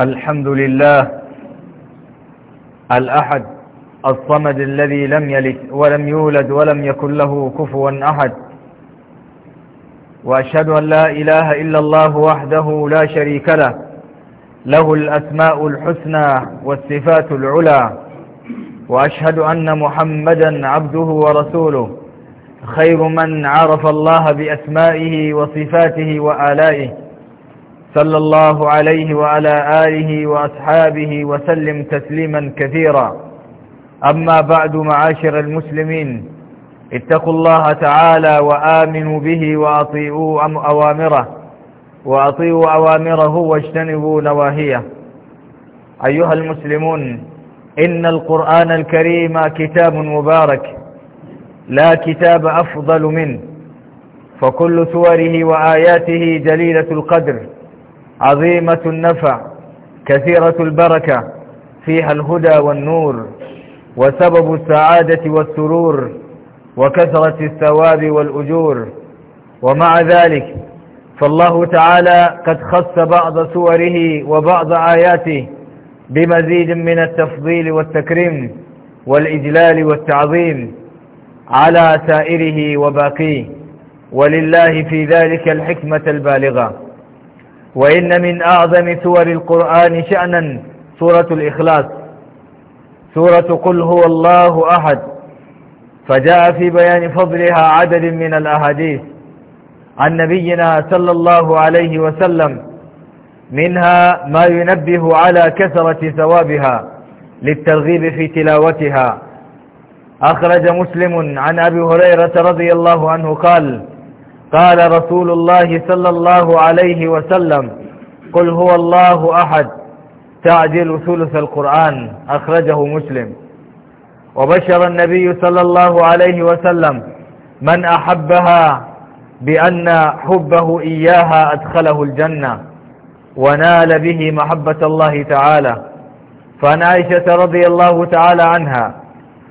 الحمد لله الأحد الصمد الذي لم يلد ولم يولد ولم يكن له كفوا أحد وأشهد أن لا إله إلا الله وحده لا شريك له له الأسماء الحسنى والصفات العلى وأشهد أن محمدا عبده ورسوله خير من عرف الله بأسمائه وصفاته وآلائه صلى الله عليه وعلى آله وأصحابه وسلم تسليما كثيرا أما بعد معاشر المسلمين اتقوا الله تعالى وآمنوا به وأطيعوا أوامره وأطيعوا أوامره واجتنبوا نواهيه أيها المسلمون إن القرآن الكريم كتاب مبارك لا كتاب أفضل منه فكل سوره وآياته جليلة القدر عظيمة النفع كثيرة البركة فيها الهدى والنور وسبب السعادة والسرور وكثرة الثواب والأجور ومع ذلك فالله تعالى قد خص بعض سوره وبعض آياته بمزيد من التفضيل والتكريم والإجلال والتعظيم على سائره وباقيه ولله في ذلك الحكمة البالغة وإن من أعظم سور القرآن شأنا سورة الإخلاص سورة قل هو الله أحد فجاء في بيان فضلها عدد من الأحاديث عن نبينا صلى الله عليه وسلم منها ما ينبه على كثرة ثوابها للترغيب في تلاوتها أخرج مسلم عن أبي هريرة رضي الله عنه قال قال رسول الله صلى الله عليه وسلم قل هو الله أحد تعدل ثلث القرآن أخرجه مسلم وبشر النبي صلى الله عليه وسلم من أحبها بأن حبه إياها أدخله الجنة ونال به محبة الله تعالى فعن عائشة رضي الله تعالى عنها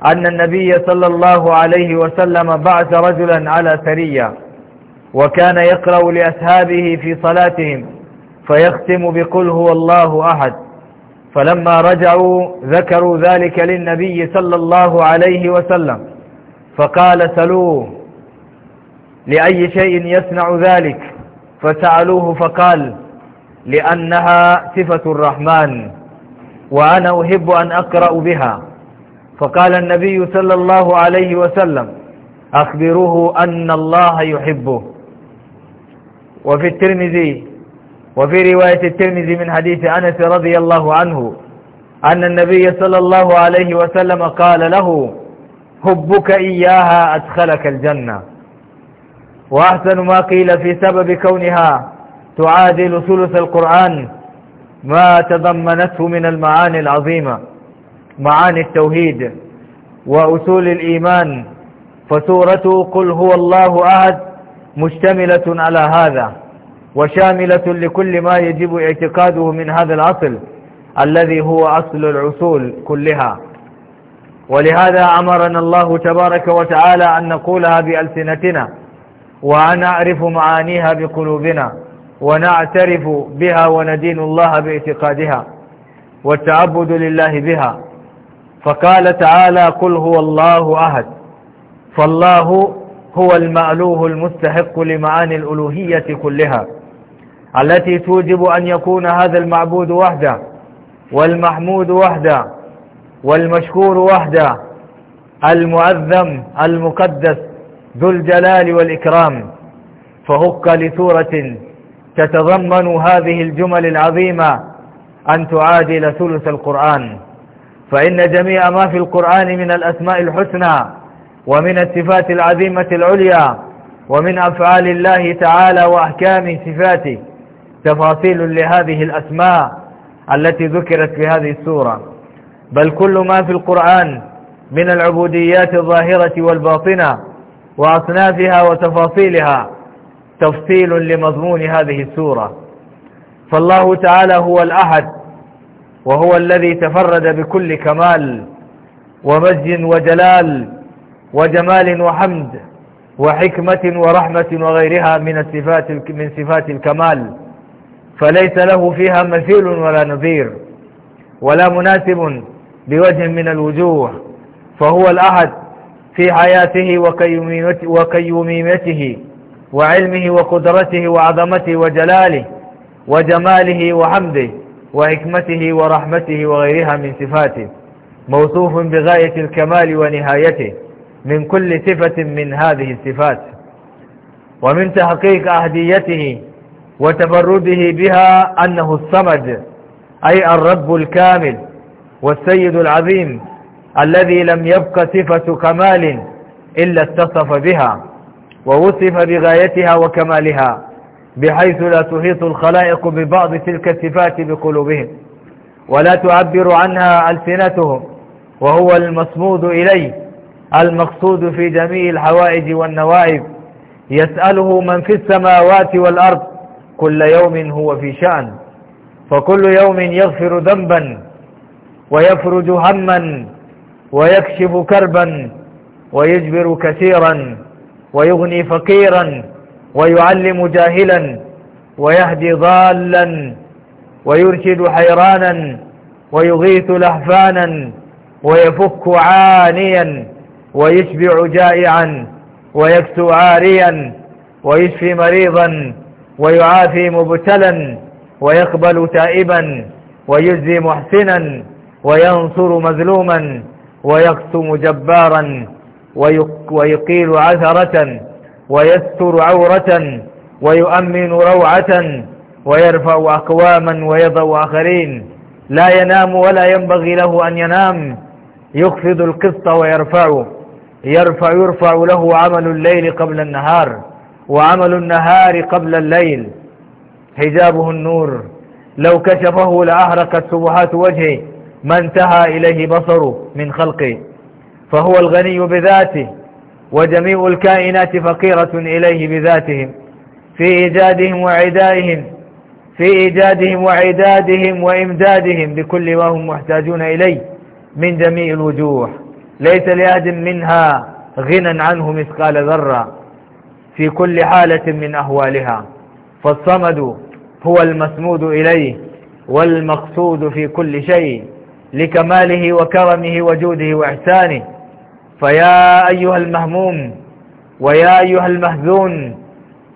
أن النبي صلى الله عليه وسلم بعث رجلا على سرية وكان يقرأ لأسهابه في صلاتهم فيختم بقل هو الله أحد فلما رجعوا ذكروا ذلك للنبي صلى الله عليه وسلم فقال سلوه لأي شيء يصنع ذلك فسألوه فقال لأنها صفة الرحمن وأنا أحب أن أقرأ بها فقال النبي صلى الله عليه وسلم أخبروه أن الله يحبه وفي الترمذي وفي رواية الترمذي من حديث أنس رضي الله عنه أن النبي صلى الله عليه وسلم قال له حبك إياها أدخلك الجنة وأحسن ما قيل في سبب كونها تعادل ثلث القرآن ما تضمنته من المعاني العظيمة معاني التوحيد وأصول الإيمان فسورته قل هو الله أحد مشتملة على هذا وشاملة لكل ما يجب اعتقاده من هذا الأصل الذي هو أصل العصول كلها ولهذا أمرنا الله تبارك وتعالى أن نقولها بألسنتنا وأن نعرف معانيها بقلوبنا ونعترف بها وندين الله باعتقادها والتعبد لله بها فقال تعالى قل هو الله أحد فالله هو المألوه المستحق لمعاني الألوهية كلها التي توجب أن يكون هذا المعبود وحده والمحمود وحده والمشكور وحده المعظم المقدس ذو الجلال والإكرام فهك لسورة تتضمن هذه الجمل العظيمة أن تعادل ثلث القرآن فإن جميع ما في القرآن من الأسماء الحسنى ومن الصفات العظيمة العليا ومن أفعال الله تعالى وأحكام صفاته تفاصيل لهذه الأسماء التي ذكرت في هذه السورة بل كل ما في القرآن من العبوديات الظاهرة والباطنة وأصنافها وتفاصيلها تفصيل لمضمون هذه السورة فالله تعالى هو الأحد وهو الذي تفرد بكل كمال ومجد وجلال وجمال وحمد وحكمة ورحمة وغيرها من الصفات من صفات الكمال فليس له فيها مثيل ولا نظير ولا مناسب بوجه من الوجوه فهو الأحد في حياته وقيوميته وعلمه وقدرته وعظمته وجلاله وجماله وحمده وحكمته ورحمته وغيرها من صفاته موصوف بغاية الكمال ونهايته من كل صفة من هذه الصفات ومن تحقيق أهديته وتفرده بها أنه الصمد أي الرب الكامل والسيد العظيم الذي لم يبق صفة كمال إلا اتصف بها ووصف بغايتها وكمالها بحيث لا تحيط الخلائق ببعض تلك الصفات بقلوبهم ولا تعبر عنها ألسنتهم وهو المصمود إليه المقصود في جميع الحوائج والنوائب يسأله من في السماوات والأرض كل يوم هو في شأن فكل يوم يغفر ذنبا ويفرج هما ويكشف كربا ويجبر كثيرا ويغني فقيرا ويعلم جاهلا ويهدي ضالا ويرشد حيرانا ويغيث لهفانا ويفك عانيا ويشبع جائعا ويكسو عاريا ويشفي مريضا ويعافي مبتلا ويقبل تائبا ويجزي محسنا وينصر مظلوما ويقسم جبارا ويقيل عثرة ويستر عورة ويؤمن روعة ويرفع أقواما ويضع آخرين لا ينام ولا ينبغي له أن ينام يخفض القسط ويرفعه يرفع يرفع له عمل الليل قبل النهار وعمل النهار قبل الليل حجابه النور لو كشفه لأهرقت سبحات وجهه ما انتهى إليه بصره من خلقه فهو الغني بذاته وجميع الكائنات فقيرة إليه بذاتهم في إيجادهم وعدائهم في إيجادهم وعدادهم وإمدادهم بكل ما هم محتاجون إليه من جميع الوجوه ليس لأحد منها غنى عنه مثقال ذرة في كل حالة من أهوالها فالصمد هو المسمود إليه والمقصود في كل شيء لكماله وكرمه وجوده وإحسانه فيا أيها المهموم ويا أيها المهزون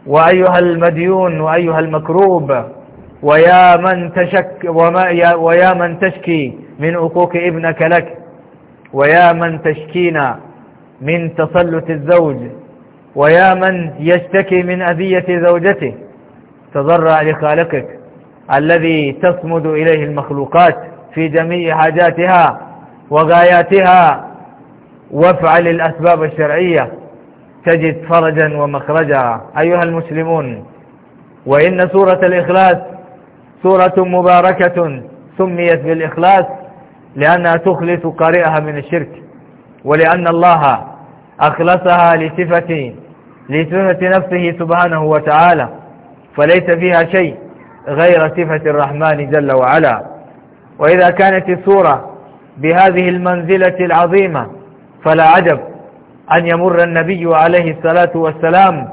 وأيها المديون وأيها المكروب ويا من تشك ويا من تشكي من عقوق ابنك لك ويا من تشكينا من تسلط الزوج ويا من يشتكي من أذية زوجته تضرع لخالقك الذي تصمد إليه المخلوقات في جميع حاجاتها وغاياتها وافعل الأسباب الشرعية تجد فرجا ومخرجا أيها المسلمون وإن سورة الإخلاص سورة مباركة سميت بالإخلاص لأنها تخلص قارئها من الشرك ولأن الله أخلصها لصفة لصفة نفسه سبحانه وتعالى فليس فيها شيء غير صفة الرحمن جل وعلا وإذا كانت السورة بهذه المنزلة العظيمة فلا عجب أن يمر النبي عليه الصلاة والسلام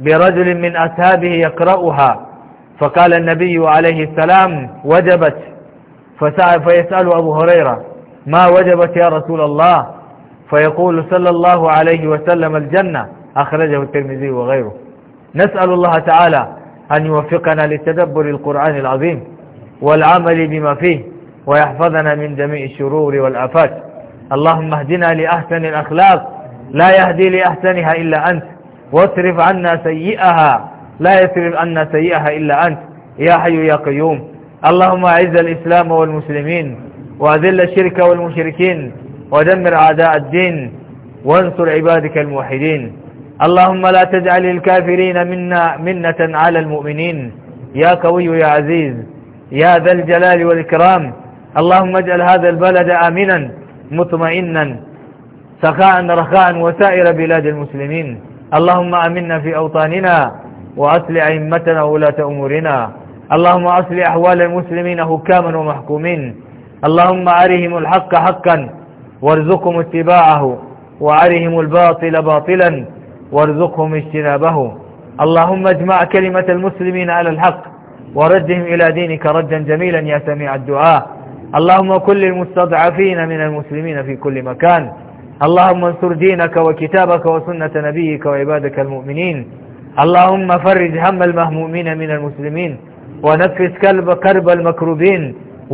برجل من أسهابه يقرأها فقال النبي عليه السلام وجبت فيسأل أبو هريرة ما وجبت يا رسول الله فيقول صلى الله عليه وسلم الجنة أخرجه الترمذي وغيره نسأل الله تعالى أن يوفقنا لتدبر القرآن العظيم والعمل بما فيه ويحفظنا من جميع الشرور والآفات اللهم اهدنا لأحسن الأخلاق لا يهدي لأحسنها إلا أنت واصرف عنا سيئها لا يصرف عنا سيئها إلا أنت يا حي يا قيوم اللهم أعز الإسلام والمسلمين وأذل الشرك والمشركين ودمر أعداء الدين وانصر عبادك الموحدين اللهم لا تجعل الكافرين منا منة على المؤمنين يا قوي يا عزيز يا ذا الجلال والإكرام اللهم اجعل هذا البلد آمنا مطمئنا سخاء رخاء وسائر بلاد المسلمين اللهم أمنا في أوطاننا وأصل أئمتنا وولاة أمورنا اللهم أصل أحوال المسلمين هكاما ومحكومين اللهم أرهم الحق حقا وارزقهم اتباعه وأرهم الباطل باطلا وارزقهم اجتنابه اللهم اجمع كلمة المسلمين على الحق وردهم إلى دينك ردا جميلا يا سميع الدعاء اللهم كل المستضعفين من المسلمين في كل مكان اللهم انصر دينك وكتابك وسنة نبيك وعبادك المؤمنين اللهم فرج هم المهمومين من المسلمين ونفس كلب كرب المكروبين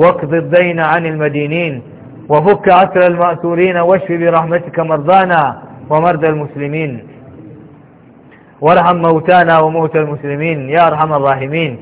واقض الدين عن المدينين وفك عسر المأسورين واشف برحمتك مرضانا ومرضى المسلمين وارحم موتانا وموتى المسلمين يا أرحم الراحمين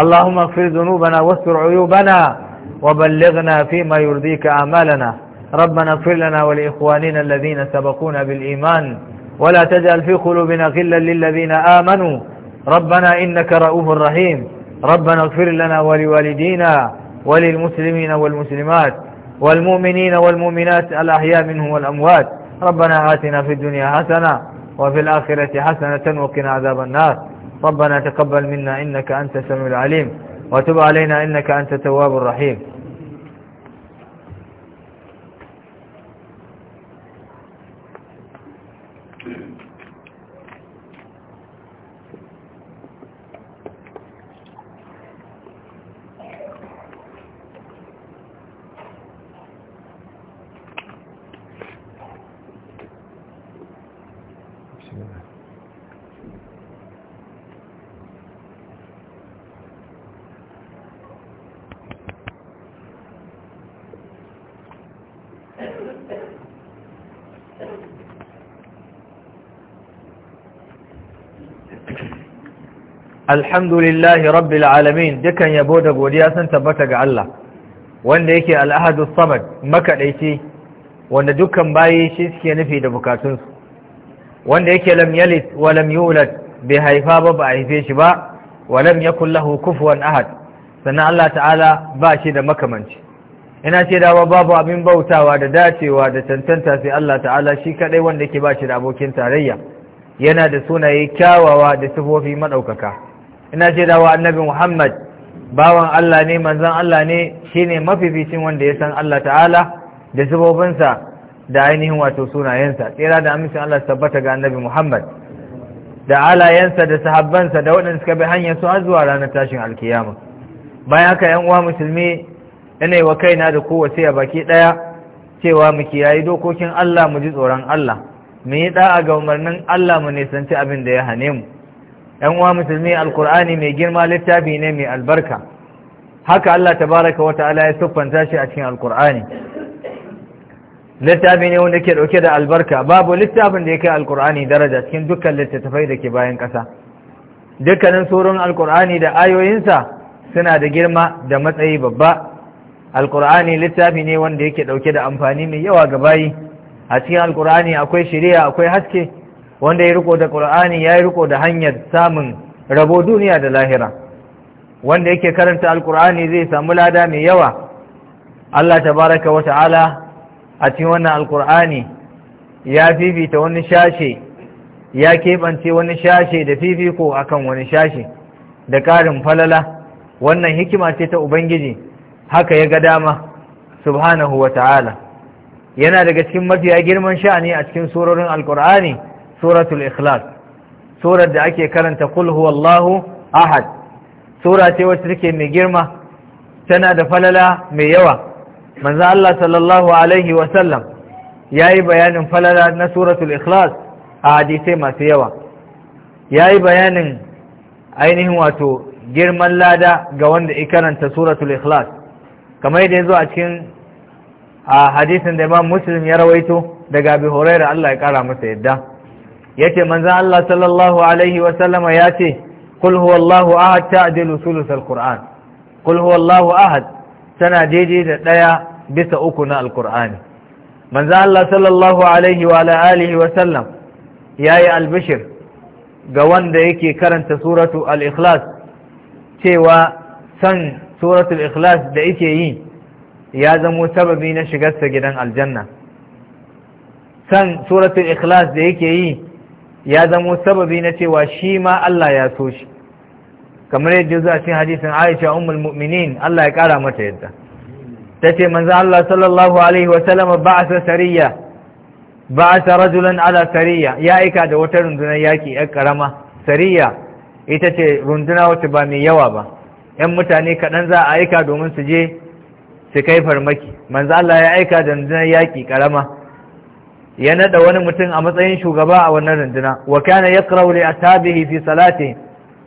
اللهم اغفر ذنوبنا واستر عيوبنا وبلغنا فيما يرضيك أعمالنا ربنا اغفر لنا ولإخواننا الذين سبقونا بالإيمان ولا تجعل في قلوبنا غلا للذين آمنوا ربنا إنك رؤوف رحيم ربنا اغفر لنا ولوالدينا وللمسلمين والمسلمات والمؤمنين والمؤمنات الأحياء منهم والأموات ربنا آتنا في الدنيا حسنة وفي الآخرة حسنة وقنا عذاب النار ربنا تقبل منا إنك أنت السميع العليم وتب علينا إنك أنت التواب الرحيم alhamdulillahi rabbil alamin dukan yabo da godiya sun tabbata ga Allah wanda yake al'ahadu samad makaɗaici, wanda dukkan bayi shi suke nufi da bukatunsu wanda yake lam yalid wa lam yulad bai haifa ba ba a haife shi ba wa lam yakul lahu kufuwan ahad sannan Allah ta'ala ba shi da makamanci ina ce dawa babu abin bautawa da dacewa da tantanta, sai Allah ta'ala shi kadai wanda yake ba shi da abokin tarayya yana da sunaye kyawawa da sifofi maɗaukaka. ina ce annabi Muhammad bawan Allah ne manzon Allah ne shine mafificin wanda ya san Allah ta'ala da sabobinsa da ainihin wato sunayensa tsira da amincin Allah tabbata ga annabi Muhammad da alayensa da sahabbansa da waɗanda suka bi hanyar su har zuwa ranar tashin alkiyama bayan haka yan uwa musulmi yanayi wa kaina da kowace a baki ɗaya cewa mu kiyayi dokokin Allah mu ji tsoron Allah mu yi da'a ga umarnin Allah mu nisanci abin da ya hane mu yan uwa musulmi alkur'ani mai girma littafi ne mai albarka haka Allah tabaraka wa ta'ala ya siffanta shi a cikin alkur'ani littafi ne wanda ke dauke da albarka babu littafin da ya kai alkur'ani daraja cikin dukkan littattafai da ke bayan ƙasa dukkanin surun alkur'ani da ayoyinsa suna da girma da matsayi babba alkur'ani littafi ne wanda yake dauke da amfani mai yawa ga bayi a cikin alkur'ani akwai shiriya akwai haske wanda ya riko da qur'ani ya yi riko da hanyar samun rabo duniya da lahira wanda yake karanta alqur'ani zai samu lada mai yawa Allah tabaraka wa ta'ala a cikin wannan alqur'ani ya fifita wani shashe ya keɓance wani shashe da fifiko akan wani shashe da ƙarin falala wannan hikima ce ta ubangiji haka ya ga dama subhanahu wa ta'ala yana daga cikin mafiya girman sha'ani a cikin surorin alkur'ani suratul ikhlas surar da ake karanta kul huwallahu ahad sura ce wacce take mai girma tana da falala mai yawa manzo Allah sallallahu alaihi wa sallam yayi bayanin falala na suratul ikhlas a hadisai masu yawa yayi bayanin ainihin wato girman lada ga wanda ya karanta suratul ikhlas kamar yadda yazo a cikin a hadisin da Imam Muslim ya rawaito daga Abi Hurairah Allah ya kara masa yadda yace manzo Allah sallallahu alaihi wa sallama yace kul huwallahu ahad ta'dilu thuluthal qur'an kul huwallahu ahad tana daidai da daya bisa uku na alqur'ani manzo Allah sallallahu alaihi wa alihi wa sallam yayi albishir ga wanda yake karanta suratu al-ikhlas cewa san suratul ikhlas da yake yi ya zamo sababi na shigar sa gidan aljanna san suratul ikhlas da yake yi ya zamo sababi na cewa shi ma Allah ya so shi kamar yadda zuwa cikin hadisin Aisha ummul mu'minin Allah ya kara mata yadda tace manzo Allah sallallahu alaihi wa sallam ba'atha sariya ba'atha rajulan ala sariya ya aika da wata rundunar yaki yar karama sariya ita ce runduna wata ba mai yawa ba yan mutane kaɗan za a aika domin su je su kai farmaki manzo Allah ya aika da rundunar yaki karama ya nada wani mutum a matsayin shugaba a wannan runduna wa kana yaqra'u li ashabihi fi salati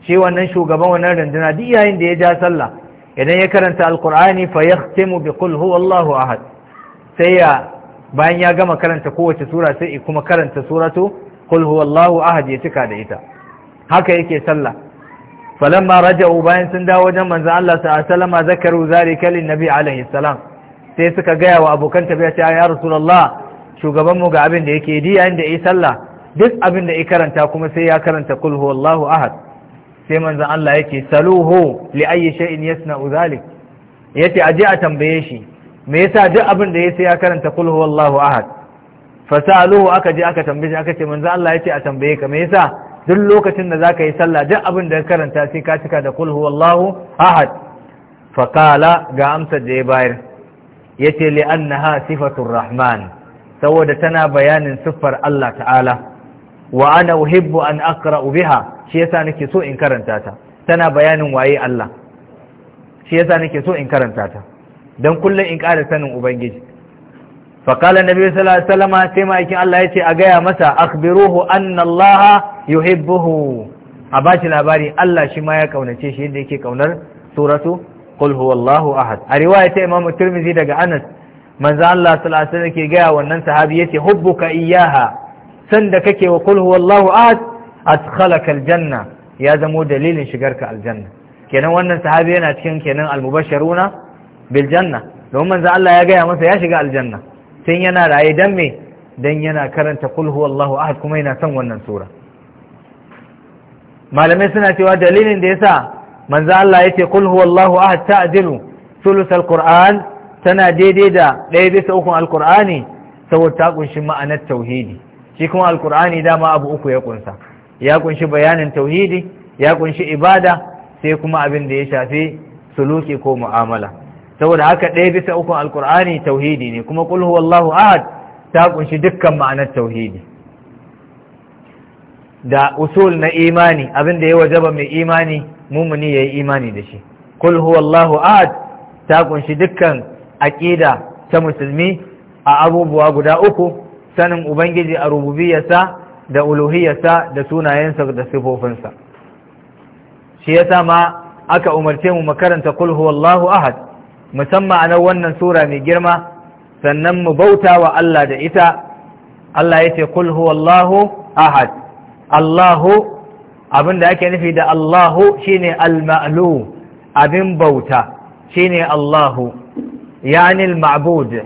shi wannan shugaban wannan runduna duk yayin da ya ja sallah idan ya karanta alqur'ani fa yahtimu bi qul huwallahu ahad sai ya bayan ya gama karanta kowace sura sai kuma karanta suratu qul huwallahu ahad ya cika da ita haka yake sallah falamma raja'u bayan sun dawo wajen manzon Allah sallallahu alaihi wasallam zakaru zalika lin nabi alaihi salam sai suka gaya wa abokan tabi'a ya rasulullah shugabanmu ga abin da yake di yayin da yi sallah duk abin da ya karanta kuma sai ya karanta kulhu wallahu ahad sai manzon Allah ya ce. saluhu li ayyi shay'in uzalik. Ya ce aje a tambaye shi me yasa duk abin da yayi sai ya karanta kulhu wallahu ahad fasaluhu aka je aka tambaye aka ce manzon Allah yace a tambaye ka me yasa duk lokacin da za ka yi sallah duk abin da ya karanta sai ka cika da kulhu wallahu ahad Faƙala ga amsar da ya bayar yace li annaha sifatun rahman saboda tana bayanin siffar Allah ta'ala wa ana uhibbu an aqra'u biha shi yasa nake so in karanta ta tana bayanin waye Allah shi yasa nake so in karanta ta dan kullum in ƙara sanin ubangiji fa qala nabi sallallahu alaihi wasallam sai ma'aikin Allah yace a gaya masa akhbiruhu anna Allah yuhibbuhu a bashi labari Allah shi ma ya kaunace shi yadda yake kaunar suratu qul huwallahu ahad a riwaya ta Imam Tirmidhi daga Anas manzo Allah sallallahu alaihi ke gaya wannan sahabi yace hubbuka iyyaha sanda kake wa kul Wallahu ahad adkhalaka aljanna ya zamo dalilin shigarka aljanna kenan wannan sahabi yana cikin kenan almubashiruna bil janna domin manzo Allah ya gaya masa ya shiga aljanna tun yana raye dan me dan yana karanta kul Wallahu ahad kuma yana son wannan sura malamai suna cewa dalilin da yasa manzo Allah yace kul Wallahu ahad ta'dilu thuluth qur'an. tana daidai da ɗaya bisa ukun alkur'ani saboda ta kunshi ma'anar tauhidi shi kuma alkur'ani dama abu uku ya kunsa ya kunshi bayanin tauhidi ya kunshi ibada sai kuma abin da ya shafi suluki ko mu'amala saboda haka ɗaya bisa ukun alkur'ani tauhidi ne kuma kul huwallahu ahad ta kunshi dukkan ma'anar tauhidi da usul na imani abin da ya wajaba mai imani mumuni ya yi imani da shi kul huwallahu ahad ta kunshi dukkan aƙida ta musulmi a abubuwa guda uku sanin ubangiji a rububiyarsa da uluhiyarsa da sunayensa da sifofinsa shi yasa ma aka umarce mu makaranta kul huwallahu ahad musamman a wannan sura mai girma sannan mu bauta wa Allah da ita Allah ya ce kul huwallahu ahad Allahu abinda ake nufi da Allahu shine al-ma'lu abin bauta shine Allahu Yanil ma'bud, يعني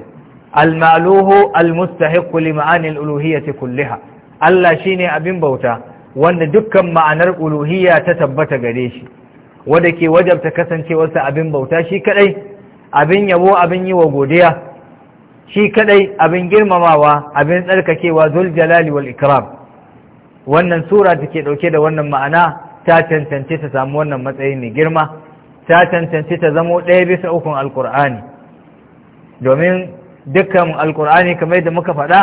al المألوه المستحق لمعاني الألوهية كلها Allah shi ne abin bauta wanda dukkan ma'anar uluhiya ta tabbata gare shi wadda ke wajabta kasancewarsa abin bauta shi kadai abin yabo abin yi wa godiya shi kadai abin girmamawa abin tsarkakewa zul jalali wal ikram wannan sura take dauke da wannan ma'ana ta tantance ta samu wannan matsayin mai girma ta tantance ta zamo ɗaya bisa ukun alkur'ani domin dukkan alkur'ani kamar yadda muka faɗa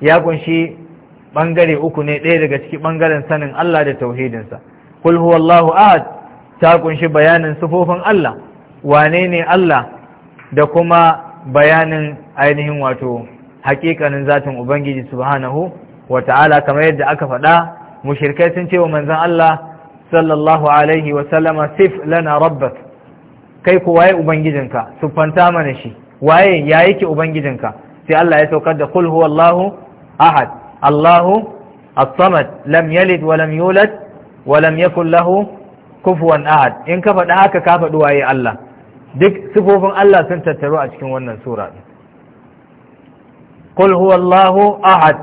ya kunshi ɓangare uku ne ɗaya daga ciki ɓangaren sanin Allah da tauhidinsa kul huwallahu ahad ta kunshi bayanin sufofin Allah wane ne Allah da kuma bayanin ainihin wato haƙiƙanin zatin ubangiji subhanahu wa ta'ala kamar yadda aka faɗa Mu shirkai sun ce wa manzan Allah sallallahu alaihi wa sallama sif lana rabbak kai kuwa ya ubangijinka siffanta mana shi waye ya yake ubangijinka sai Allah ya saukar da kul huwallahu ahad Allahu as-samad lam yalid wa lam yulad wa lam yakul lahu kufuwan ahad in ka faɗi haka ka faɗi waye Allah duk sifofin Allah sun tattaru a cikin wannan sura kul huwallahu ahad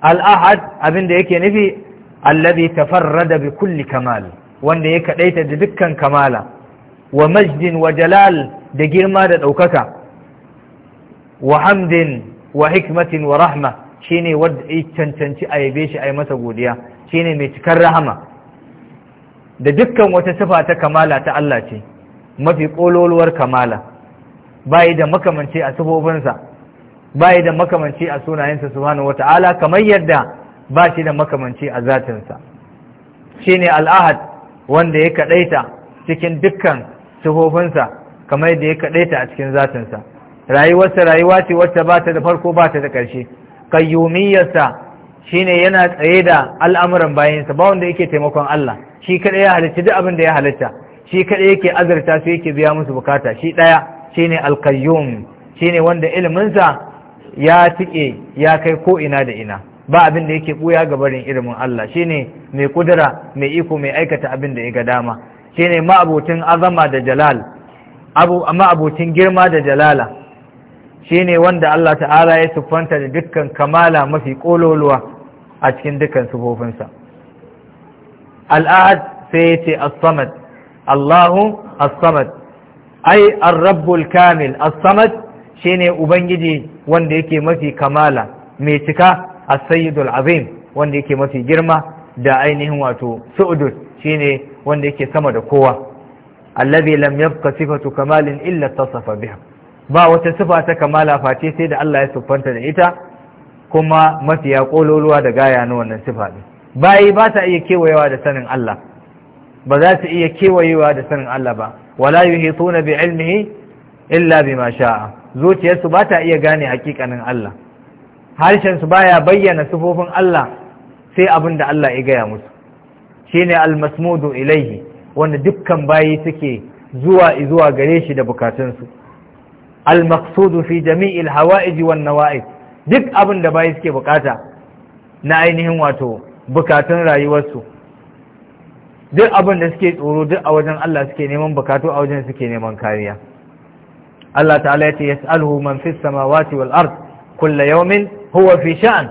al-ahad abinda yake nufi alladhi tafarrada bi kulli kamal wanda ya kadaita da dukkan kamala wa majdin wa jalal da girma da ɗaukaka wa hamdin wa hikmatin wa rahma shine wanda ya cancanci a yabe shi a yi masa godiya shine mai cikar rahama da dukkan wata sifa ta kamala ta Allah ce mafi kololuwar kamala yi da makamanci a sifofinsa yi da makamance a sunayensa wata ala kamar yadda ba shi da makamanci a zatinsa shine al'ahad wanda ya kaɗaita cikin dukkan sifofinsa kamar yadda ya kaɗaita a cikin zatinsa rayuwarsa rayuwa ce wacce ba ta da farko ba ta da ƙarshe kayyumiyarsa shine yana tsaye da al'amuran bayansa ba wanda yake taimakon Allah shi kaɗai ya halitta duk abin da ya halitta shi kaɗai yake azarta su yake biya musu bukata shi ɗaya shine alkayyum shine wanda iliminsa ya tike ya kai ko ina da ina ba abin da yake buya ga barin ilimin Allah shine mai kudura mai iko mai aikata abin da ya ga dama shine ma'abotin azama da jalal ma'abotin girma da jalala shine wanda Allah ta'ala ya siffanta da dukkan kamala mafi kololuwa a cikin dukkan sufofinsa al'ad sai ya ce as-samad Allahu as-samad ai ar-rabbul kamil as-samad shine ubangiji wanda yake mafi kamala mai cika as-sayyidul azim wanda yake mafi girma da ainihin wato su'udud shine wanda yake sama da kowa allazi lam yabqa sifatu kamalin illa tasafa biha ba wata sifa ta kamala face sai da Allah ya siffanta da ita kuma mafiya kololuwa da gaya na wannan sufa din bayi ba ta iya kewayewa da sanin Allah ba za su iya kewayewa da sanin Allah ba wala na bi ilmihi illa ma sha'a zuciyarsu ba ta iya gane hakikanin Allah harshen su baya bayyana sifofin Allah sai abin da Allah ya gaya musu Shi ne almasmudu ilaihi wanda dukkan bayi suke zuwa zuwa gare shi da bukatunsu al-maqsudu fi jami'il hawa'ij wan duk abin da bayi suke bukata na ainihin wato bukatun rayuwarsu duk abin da suke tsoro duk a wajen Allah suke neman bukatu a wajen suke neman kariya Allah ta'ala ya ce yas'aluhu man fi samawati wal ard kullu yawmin huwa fi sha'an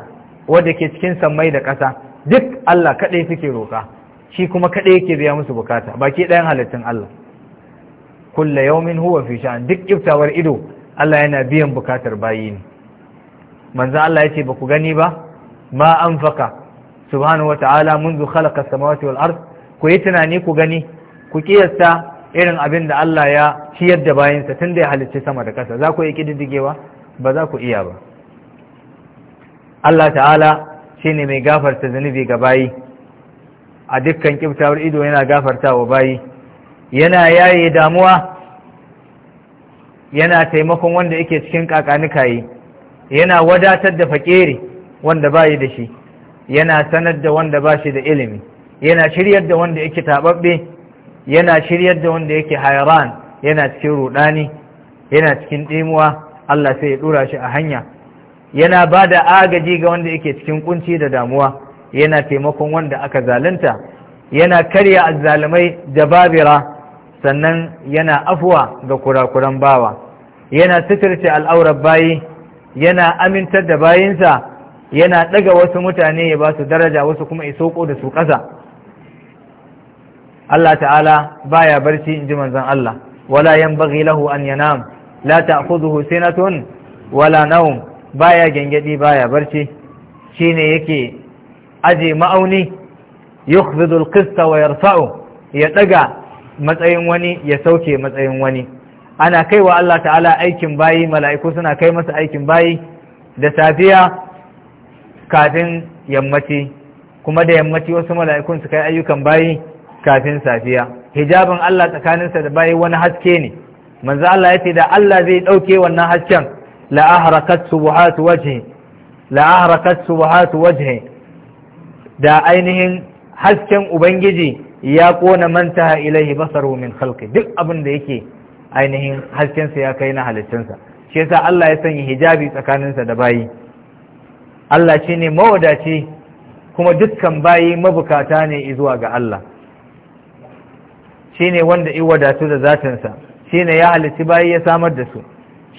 wanda ke cikin samai da ƙasa duk Allah kadai suke roka shi kuma kadai yake biya musu bukata baki ɗayan halittun Allah kulla yaumin huwa fi sha'an duk iftawar ido Allah yana biyan bukatar bayi ne manzo Allah yace ba ku gani ba ma anfaka subhanahu wata'ala منذ khalaqa samawati wal ard ku yi tunani ku gani ku kiyasta irin abin da Allah ya ciyar da bayansa tun da ya halicci sama da ƙasa za ku yi kididdigewa ba za ku iya ba Allah ta'ala shi mai gafarta zunubi ga bayi a dukkan kibtawar ido yana gafarta wa bayi yana yaye damuwa yana taimakon wanda yake cikin yi yana wadatar da fakiri wanda bayi da shi yana sanar da wanda ba shi da ilimi yana shiryar da wanda yake tababbe yana shiryar da wanda yake hayran yana cikin rudani yana cikin ɗimuwa Allah sai ya ɗura shi a hanya yana ba da agaji ga wanda yake cikin kunci da damuwa yana taimakon wanda aka zalunta yana karya azzalumai da babira sannan yana afuwa ga kurakuran bawa yana sitirce al'aurar bayi yana amintar da bayinsa yana ɗaga wasu mutane ya ba su daraja wasu kuma isoko da su ƙasa Allah ta'ala baya barci in ji manzon Allah wala yanbaghi lahu an yanam la ta'khudhuhu sinatun wala nawm baya gengedi baya barci shine yake aje ma'auni yukhfidul qista wa yarfa'u ya daga. matsayin wani ya sauke matsayin wani ana kaiwa Allah ta'ala aikin bayi mala'iku suna kai masa aikin bayi da safiya kafin yammaci kuma da yammaci wasu mala'ikun su kai ayyukan bayi kafin safiya hijabin Allah tsakaninsa da bayi wani haske ne manzo Allah ya ce da Allah zai dauke wannan hasken la ahrakat subuhat wajhi la ahrakat subuhat wajhi da ainihin hasken ubangiji ya kona manta ilaihi basaru min khalqi duk abin da yake ainihin haskensa ya kai na halittunsa shi yasa Allah ya sanya hijabi tsakaninsa da bayi Allah shi ne mawadaci kuma dukkan bayi mabukata ne zuwa ga Allah shine wanda i wadatu da zatinsa ne ya halitti bayi ya samar da su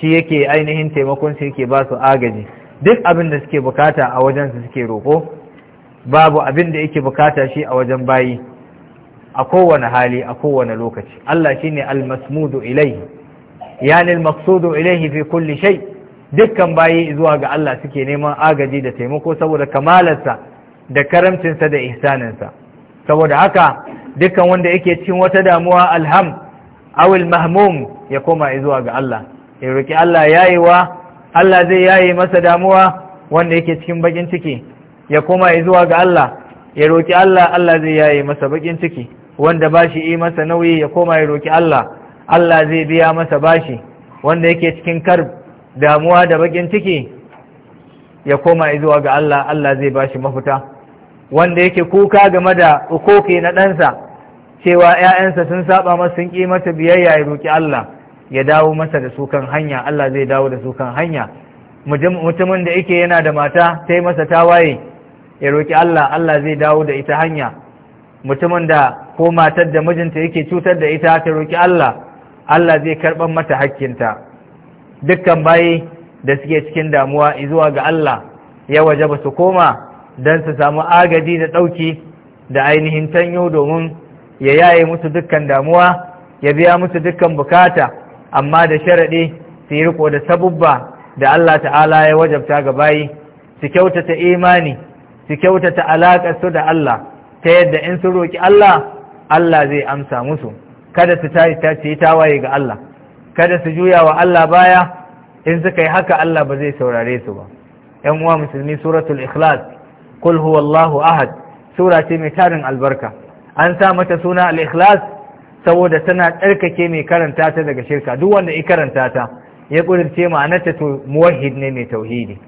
shi yake ainihin taimakon su yake ba su agaji duk abin da suke bukata a wajensu suke roƙo babu abin da yake bukata shi a wajen bayi a kowane hali a kowane lokaci Allah shi ne almasmudu ilaihi yani maksudu ilaihi fi kulli shay dukkan bayi zuwa ga Allah suke neman agaji da taimako saboda kamalarsa da karamcinsa da ihsaninsa saboda haka dukkan wanda yake cikin wata damuwa alham aw almahmum ya koma zuwa ga Allah ya roki Allah yayewa Allah zai yaye masa damuwa wanda yake cikin bakin ciki ya koma zuwa ga Allah ya roki Allah Allah zai yaye masa bakin ciki wanda ba shi yi masa nauyi ya koma ya roki Allah Allah zai biya masa bashi wanda yake cikin karb damuwa da bakin ciki ya koma zuwa ga Allah Allah zai bashi mafita wanda yake kuka game da ukoki na ɗansa cewa ‘ya'yansa sun saba masa sun ƙi masa biyayya ya roƙi Allah ya dawo masa da su kan hanya Allah zai dawo da su kan hanya mutumin da yake yana da mata yi masa tawaye ya roƙi Allah Allah zai dawo da ita hanya mutumin da ko matar da mijinta yake cutar da ita ta roki Allah Allah zai karɓar mata hakkinta dukkan bayi da suke cikin damuwa zuwa ga Allah ya waje ba su koma don su samu agaji da ɗauki da ainihin tanyo domin ya yaye musu dukkan damuwa ya biya musu dukkan bukata amma da sharaɗi su yi riko da sabubba da Allah ta'ala ya wajabta ga bayi su kyautata imani su kyautata alaƙarsu da Allah ta yadda in sun roƙi Allah Allah zai amsa musu kada su tashi ta ce tawaye ga Allah kada su juya wa Allah baya in suka yi haka Allah ba zai saurare su ba yan uwa musulmi suratul ikhlas qul huwallahu ahad sura ce mai tarin albarka an sa mata suna al-ikhlas saboda tana tsarkake mai karanta ta daga shirka duk wanda ya karanta ta ya kurince ma'anarta to muwahhid ne mai tauhidi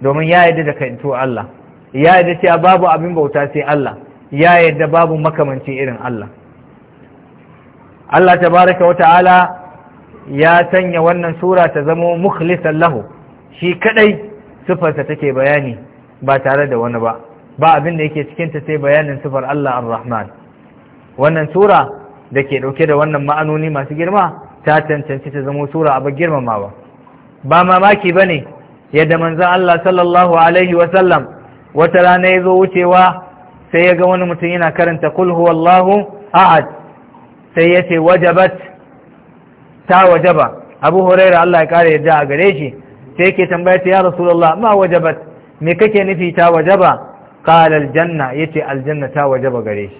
domin ya yi da kaito Allah ya yarda cewa babu abin bauta sai Allah ya yadda babu makamancin irin Allah Allah tabaraka wa ta'ala ya sanya wannan sura ta zamo mukhlisan lahu shi kadai sifarsa take bayani ba tare da wani ba ba abin da yake cikin ta sai bayanin sifar Allah ar-Rahman wannan sura da ke dauke da wannan ma'anoni masu girma ta cancanci ta zamo sura abin girmamawa ba mamaki bane yadda manzon Allah sallallahu alaihi wa wata rana ya zo wucewa sai ya ga wani mutum yana karanta kul wallahu ahad sai ya ce wajabat ta wajaba abu huraira Allah ya kare yadda a gare shi sai yake tambaya ta ya rasulullah ma wajabat me kake nufi ta wajaba qala aljanna yace aljanna ta wajaba gare shi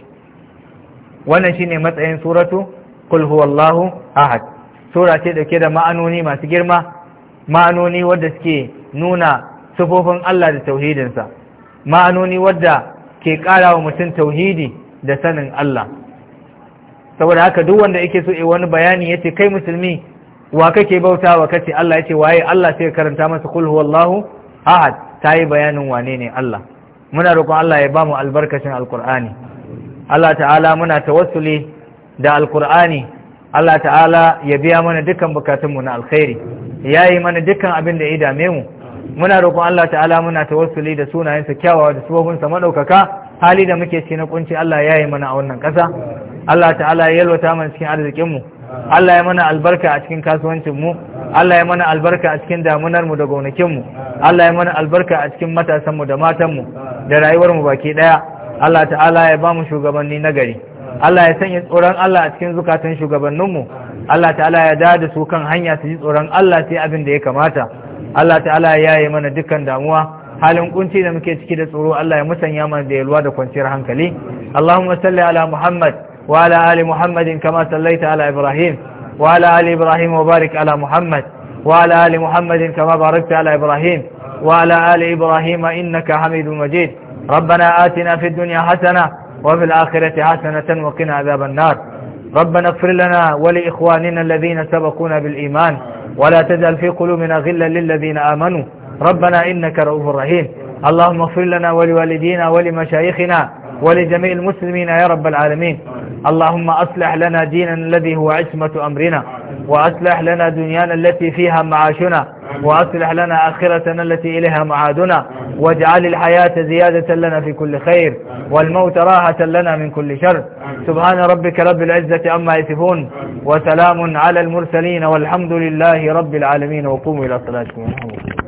wannan shine matsayin suratu kul huwallahu ahad sura ce dauke da ma'anoni masu girma ma'anoni wadda suke nuna sufofin Allah da tauhidinsa ma'anoni wadda ke ƙara wa mutum tauhidi da sanin Allah saboda haka duk wanda yake so wani bayani ya ce, kai musulmi wa kake bautawa kace Allah ya ce waye Allah sai karanta masa kul huwallahu ahad yi bayanin wane ne Allah muna roƙon Allah ya ba mu albarkacin Alƙur'ani. Allah ta'ala muna tawassuli da Alƙur'ani. Allah ta'ala ya biya mana dukkan bukatunmu na alkhairi Ya yi mana dukkan abin da ya dame mu muna roƙon Allah ta'ala muna ta tawassuli da sunayensa kyawawa da sa maɗaukaka, hali da muke ci na kunci Allah ya yi mana a wannan ƙasa Allah ta'ala ya yalwata mana cikin arzikin mu Allah ya mana albarka a cikin kasuwancin mu Allah ya mana albarka a cikin damunar mu da gonakin mu Allah ya mana albarka a cikin matasan mu da matan mu da rayuwar mu baki daya Allah ta'ala ya ba mu shugabanni nagari. Allah ya sanya tsoron Allah a cikin zukatan shugabannin mu Allah ta'ala ya da su kan hanya su ji tsoron Allah sai abin da ya kamata Allah ta'ala ya yi mana dukkan damuwa halin kunci da muke ciki da tsoro Allah ya musanya mana da yalwa da kwanciyar hankali Allahumma salli ala Muhammad wa ala ali Muhammadin kama sallaita ala Ibrahim wa ala ali Ibrahim wa barik ala Muhammad wa ala ali Muhammadin kama barakta ala Ibrahim wa ala ali Ibrahim innaka Hamidum Majid ربنا آتنا في الدنيا حسنة وفي الآخرة حسنة وقنا عذاب النار ربنا اغفر لنا ولإخواننا الذين سبقونا بالإيمان ولا تجعل في قلوبنا غلا للذين آمنوا ربنا إنك رؤوف رحيم اللهم اغفر لنا ولوالدينا ولمشايخنا ولجميع المسلمين يا رب العالمين اللهم أصلح لنا ديننا الذي هو عصمة أمرنا وأصلح لنا دنيانا التي فيها معاشنا وأصلح لنا آخرتنا التي إليها معادنا واجعل الحياة زيادة لنا في كل خير والموت راحة لنا من كل شر سبحان ربك رب العزة أما يصفون وسلام على المرسلين والحمد لله رب العالمين وقوموا إلى صلاتكم